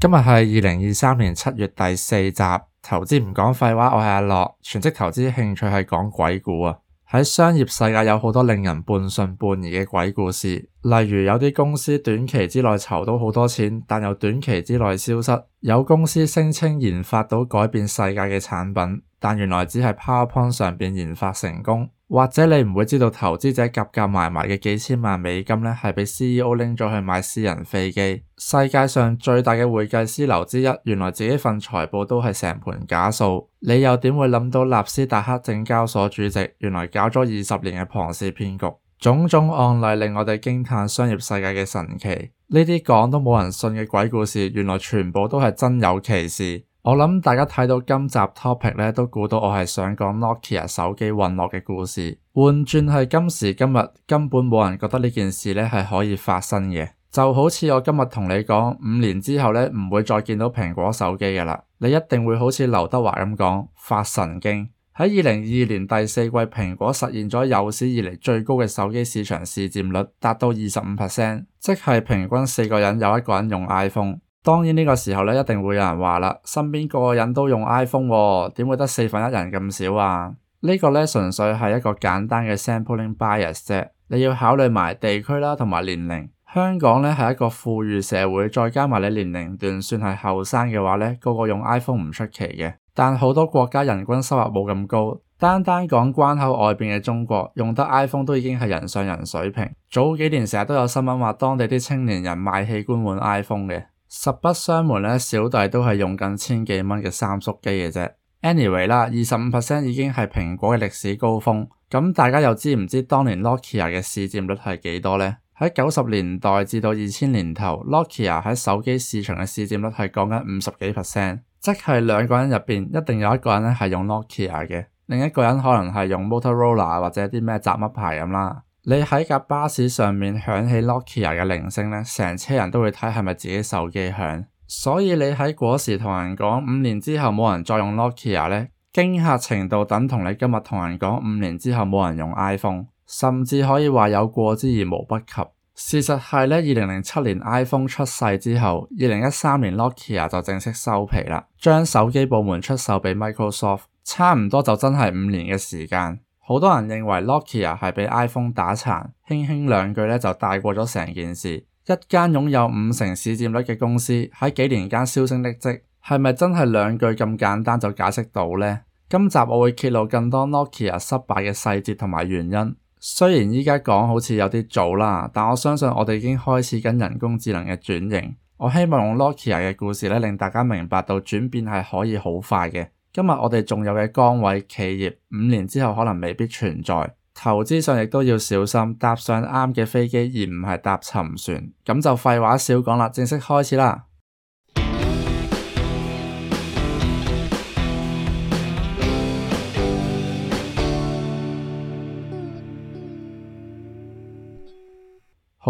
今日係二零二三年七月第四集，投資唔講廢話，我係阿樂，全職投資興趣係講鬼故。啊！喺商業世界有好多令人半信半疑嘅鬼故事，例如有啲公司短期之內籌到好多錢，但又短期之內消失；有公司聲稱研發到改變世界嘅產品，但原來只係 PowerPoint 上面研發成功。或者你唔會知道投資者夾夾埋埋嘅幾千萬美金呢，係畀 CEO 拎咗去買私人飛機。世界上最大嘅會計師樓之一，原來自己份財報都係成盤假數。你又點會諗到納斯達克證交所主席，原來搞咗二十年嘅龐氏騙局？種種案例令我哋驚嘆商業世界嘅神奇。呢啲講都冇人信嘅鬼故事，原來全部都係真有其事。我諗大家睇到今集 topic 咧，都估到我係想講 Nokia 手機隕落嘅故事。換轉係今時今日，根本冇人覺得呢件事咧係可以發生嘅。就好似我今日同你講，五年之後咧唔會再見到蘋果手機噶啦，你一定會好似劉德華咁講發神經。喺二零二二年第四季，蘋果實現咗有史以嚟最高嘅手機市場市占率，達到二十五 percent，即係平均四個人有一個人用 iPhone。當然呢個時候呢，一定會有人話啦，身邊個個人都用 iPhone 喎，點會得四分一人咁少啊？呢個呢，純粹係一個簡單嘅 sampling bias 啫。你要考慮埋地區啦，同埋年齡。香港呢係一個富裕社會，再加埋你年齡段算係後生嘅話呢，個個用 iPhone 唔出奇嘅。但好多國家人均收入冇咁高，單單講關口外邊嘅中國用得 iPhone 都已經係人上人水平。早幾年成日都有新聞話，當地啲青年人賣器官換 iPhone 嘅。實不相瞞咧，小弟都係用緊千幾蚊嘅三叔機嘅啫 Any。Anyway 啦，二十五 percent 已經係蘋果嘅歷史高峰。咁大家又知唔知當年 Nokia 嘅市占率係幾多咧？喺九十年代至到二千年頭 Nokia 喺手機市場嘅市占率係講緊五十幾 percent，即係兩個人入邊一定有一個人咧係用 Nokia 嘅，另一個人可能係用 Motorola 或者啲咩雜物牌咁啦。你喺架巴士上面響起 Nokia 嘅鈴聲呢，成車人都會睇係咪自己手機響。所以你喺嗰時同人講五年之後冇人再用 Nokia，呢驚嚇程度等同你今日同人講五年之後冇人用 iPhone，甚至可以話有過之而無不及。事實係，呢二零零七年 iPhone 出世之後，二零一三年 Nokia 就正式收皮啦，將手機部門出售畀 Microsoft，差唔多就真係五年嘅時間。好多人認為 Nokia 係被 iPhone 打殘，輕輕兩句呢就帶過咗成件事。一間擁有五成市佔率嘅公司喺幾年間銷聲匿跡，係咪真係兩句咁簡單就解釋到呢？今集我會揭露更多 Nokia 失敗嘅細節同埋原因。雖然而家講好似有啲早啦，但我相信我哋已經開始緊人工智能嘅轉型。我希望用 Nokia 嘅故事呢，令大家明白到轉變係可以好快嘅。今日我哋仲有嘅崗位企業，五年之後可能未必存在。投資上亦都要小心，搭上啱嘅飛機而唔係搭沉船。咁就廢話少講啦，正式開始啦！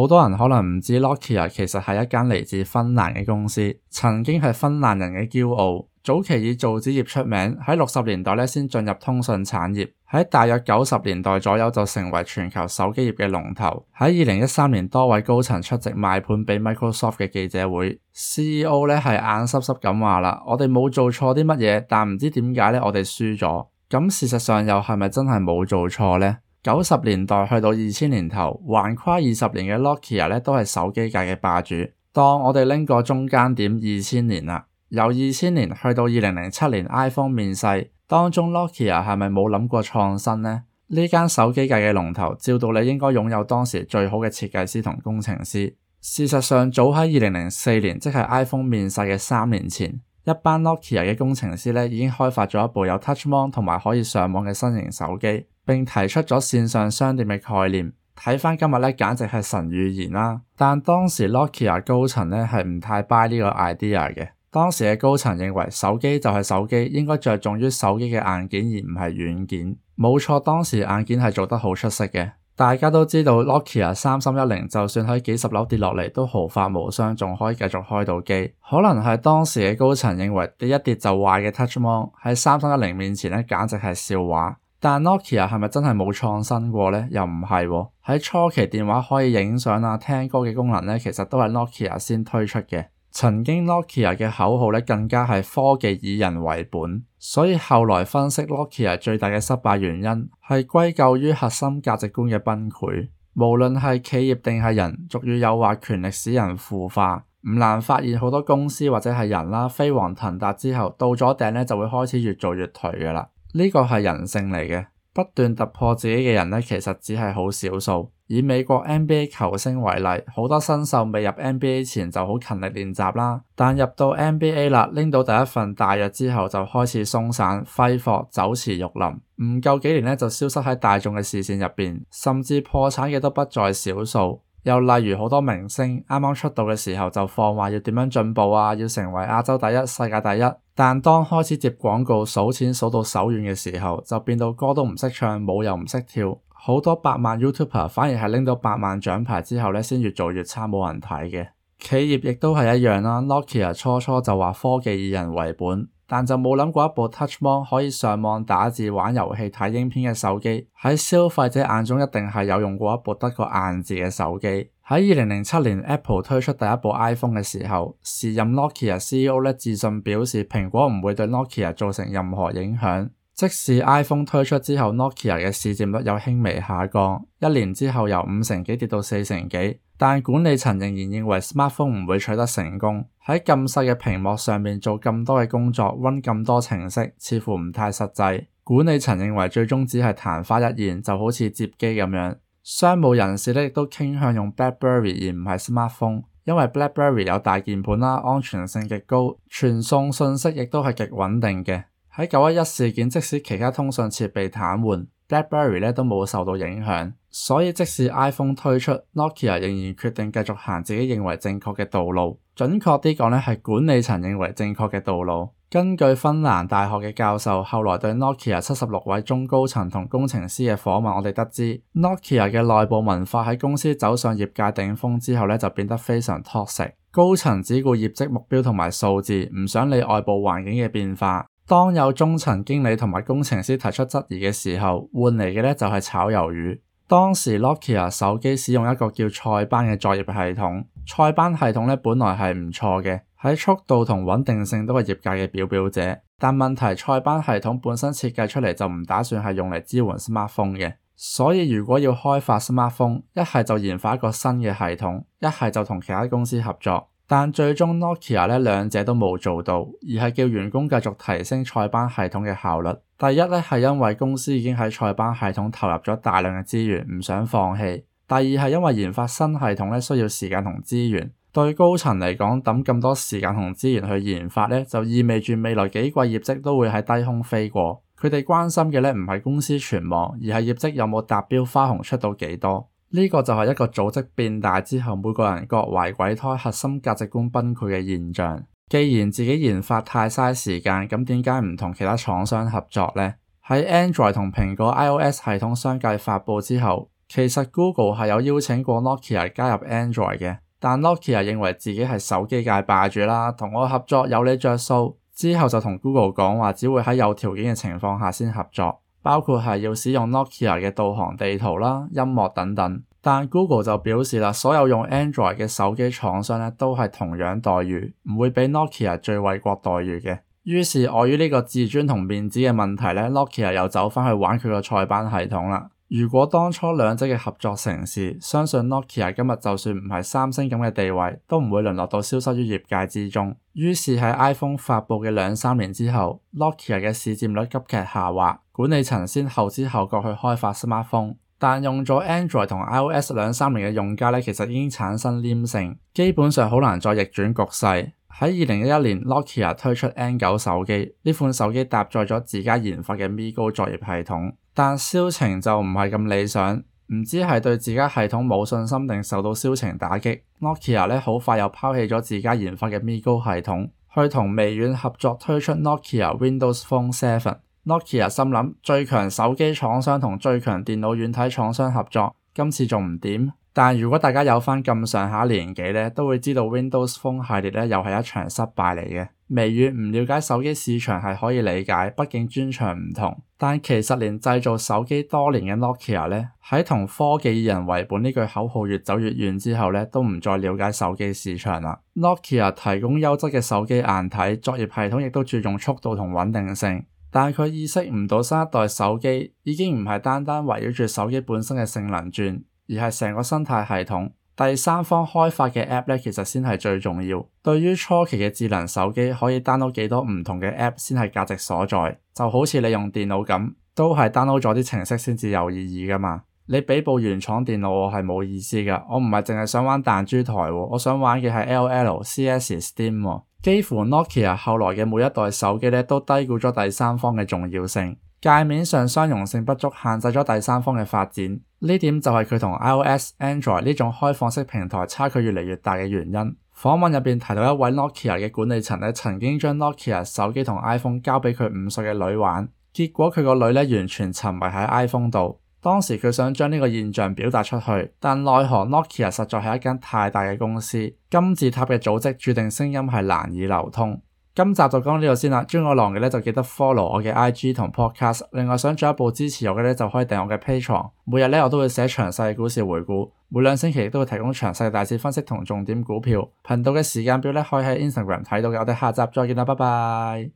好多人可能唔知，Nokia 其實係一間嚟自芬蘭嘅公司，曾經係芬蘭人嘅驕傲。早期以造紙業出名，喺六十年代咧先進入通訊產業。喺大約九十年代左右就成為全球手機業嘅龍頭。喺二零一三年，多位高層出席賣盤俾 Microsoft 嘅記者會，CEO 咧係眼濕濕咁話啦：我哋冇做錯啲乜嘢，但唔知點解咧我哋輸咗。咁事實上又係咪真係冇做錯咧？九十年代去到二千年頭，橫跨二十年嘅 Nokia 咧都係手機界嘅霸主。當我哋拎過中間點二千年啦，由二千年去到二零零七年 iPhone 面世當中 Nokia 係咪冇諗過創新呢？呢間手機界嘅龍頭，照道理應該擁有當時最好嘅設計師同工程師。事實上，早喺二零零四年，即係 iPhone 面世嘅三年前，一班 Nokia 嘅工程師呢已經開發咗一部有 Touch Mon 同埋可以上網嘅新型手機。並提出咗線上商店嘅概念。睇返今日呢，簡直係神預言啦！但當時 Nokia 高層呢係唔太 buy 呢個 idea 嘅。當時嘅高層認為手機就係手機，應該着重於手機嘅硬件而唔係軟件。冇錯，當時硬件係做得好出色嘅。大家都知道 Nokia3310，就算喺幾十樓跌落嚟都毫髮無傷，仲可以繼續開到機。可能係當時嘅高層認為跌一跌就壞嘅 Touch Mon 喺3310面前呢，簡直係笑話。但 Nokia 係咪真係冇創新過呢？又唔係喎。喺初期電話可以影相啊、聽歌嘅功能呢，其實都係 Nokia 先推出嘅。曾經 Nokia 嘅口號呢，更加係科技以人為本。所以後來分析 Nokia 最大嘅失敗原因，係歸咎於核心價值觀嘅崩潰。無論係企業定係人，俗語有話權力使人腐化，唔難發現好多公司或者係人啦，飛黃騰達之後到咗頂呢，就會開始越做越頹噶啦。呢個係人性嚟嘅，不斷突破自己嘅人咧，其實只係好少數。以美國 NBA 球星為例，好多新秀未入 NBA 前就好勤力練習啦，但入到 NBA 啦，拎到第一份大約之後就開始鬆散揮霍，酒池肉林，唔夠幾年咧就消失喺大眾嘅視線入邊，甚至破產嘅都不在少數。又例如好多明星啱啱出道嘅時候就放話要點樣進步啊，要成為亞洲第一、世界第一。但當開始接廣告數錢數到手軟嘅時候，就變到歌都唔識唱，舞又唔識跳。好多百萬 YouTuber 反而係拎到百萬獎牌之後咧，先越做越差，冇人睇嘅。企業亦都係一樣啦，啊。Nokia 初初就話科技以人為本。但就冇諗過一部 touchphone 可以上網打字、玩遊戲、睇影片嘅手機，喺消費者眼中一定係有用過一部得個硬字嘅手機。喺二零零七年 Apple 推出第一部 iPhone 嘅時候，時任 Nokia CEO 呢，自信表示，蘋果唔會對 Nokia 造成任何影響。即使 iPhone 推出之後，Nokia 嘅市佔率有輕微下降，一年之後由五成幾跌到四成幾，但管理層仍然認為 Smartphone 唔會取得成功。喺咁細嘅屏幕上面做咁多嘅工作，run 咁多程式，似乎唔太實際。管理層認為最終只係曇花一現，就好似接機咁樣。商務人士呢亦都傾向用 BlackBerry 而唔係 Smartphone，因為 BlackBerry 有大鍵盤啦，安全性極高，傳送信息亦都係極穩定嘅。喺九一一事件，即使其他通信設備癱瘓，Blackberry 都冇受到影響，所以即使 iPhone 推出，Nokia 仍然決定繼續行自己認為正確嘅道路。準確啲講呢係，管理層認為正確嘅道路。根據芬蘭大學嘅教授後來對 Nokia 七十六位中高層同工程師嘅訪問，我哋得知 Nokia 嘅內部文化喺公司走上業界頂峰之後呢，就變得非常 toxic，高層只顧業績目標同埋數字，唔想理外部環境嘅變化。當有中層經理同埋工程師提出質疑嘅時候，換嚟嘅呢就係炒魷魚。當時 Nokia 手機使用一個叫塞班嘅作業系統，塞班系統呢本來係唔錯嘅，喺速度同穩定性都係業界嘅表表者。但問題，塞班系統本身設計出嚟就唔打算係用嚟支援 smartphone 嘅，所以如果要開發 smartphone，一係就研發一個新嘅系統，一係就同其他公司合作。但最終 Nokia 呢，兩者都冇做到，而係叫員工繼續提升塞班系統嘅效率。第一呢係因為公司已經喺塞班系統投入咗大量嘅資源，唔想放棄。第二係因為研發新系統需要時間同資源，對高層嚟講，抌咁多時間同資源去研發呢，就意味住未來幾季業績都會喺低空飛過。佢哋關心嘅呢，唔係公司存亡，而係業績有冇達標、花紅出到幾多。呢個就係一個組織變大之後，每個人各懷鬼胎、核心價值觀崩潰嘅現象。既然自己研發太嘥時間，咁點解唔同其他廠商合作呢？喺 Android 同蘋果 iOS 系統相繼發佈之後，其實 Google 係有邀請過 Nokia 加入 Android 嘅，但 Nokia 認為自己係手機界霸主啦，同我合作有你著數，之後就同 Google 講話，只會喺有條件嘅情況下先合作。包括係要使用 Nokia 嘅導航地圖啦、音樂等等，但 Google 就表示啦，所有用 Android 嘅手機廠商咧都係同樣待遇，唔會畀 Nokia 最惠國待遇嘅。於是，礙於呢個自尊同面子嘅問題咧，Nokia 又走翻去玩佢個塞班系統啦。如果當初兩者嘅合作成事，相信 Nokia 今日就算唔係三星咁嘅地位，都唔會淪落到消失於業界之中。於是喺 iPhone 發布嘅兩三年之後，Nokia 嘅市佔率急劇下滑。管理層先後知後覺去開發 smartphone，但用咗 Android 同 iOS 兩三年嘅用家咧，其實已經產生黏性，基本上好難再逆轉局勢。喺二零一一年，Nokia 推出 N 九手機，呢款手機搭載咗自家研發嘅 MiGo 作業系統。但銷情就唔係咁理想，唔知係對自家系統冇信心定受到銷情打擊。Nokia 咧好快又拋棄咗自家研發嘅 MeeGo 系統，去同微軟合作推出 Nokia Windows Phone Seven。Nokia 心諗，最強手機廠商同最強電腦軟體廠商合作，今次仲唔掂。但如果大家有翻咁上下年紀呢，都會知道 Windows Phone 系列咧又係一場失敗嚟嘅。微軟唔了解手機市場係可以理解，畢竟專長唔同。但其實連製造手機多年嘅 Nokia 呢，喺同科技以人為本呢句口號越走越遠之後呢，都唔再了解手機市場啦。Nokia 提供優質嘅手機硬體，作業系統亦都注重速度同穩定性。但係佢意識唔到新一代手機已經唔係單單圍繞住手機本身嘅性能轉，而係成個生態系統。第三方開發嘅 App 咧，其實先係最重要。對於初期嘅智能手機，可以 download 幾多唔同嘅 App 先係價值所在。就好似你用電腦咁，都係 download 咗啲程式先至有意義㗎嘛。你俾部原廠電腦我係冇意思㗎，我唔係淨係想玩彈珠台喎，我想玩嘅係 L L C S Steam。幾乎 Nokia、ok、後來嘅每一代手機咧，都低估咗第三方嘅重要性。界面上相容性不足，限制咗第三方嘅發展。呢點就係佢同 iOS、Android 呢種開放式平台差距越嚟越大嘅原因。訪問入面提到一位 Nokia 嘅管理層曾經將 Nokia 手機同 iPhone 交俾佢五歲嘅女玩，結果佢個女咧完全沉迷喺 iPhone 度。當時佢想將呢個現象表達出去，但奈何 Nokia 實在係一間太大嘅公司，金字塔嘅組織注定聲音係難以流通。今集就講到這裏呢度先啦，鍾意我浪嘅呢就記得 follow 我嘅 IG 同 podcast，另外想進一步支持我嘅呢就可以訂我嘅 Patreon，每日呢我都會寫詳細股市回顧，每兩星期都會提供詳細大市分析同重點股票，頻道嘅時間表呢可以喺 Instagram 睇到嘅。我哋下集再見啦，拜拜。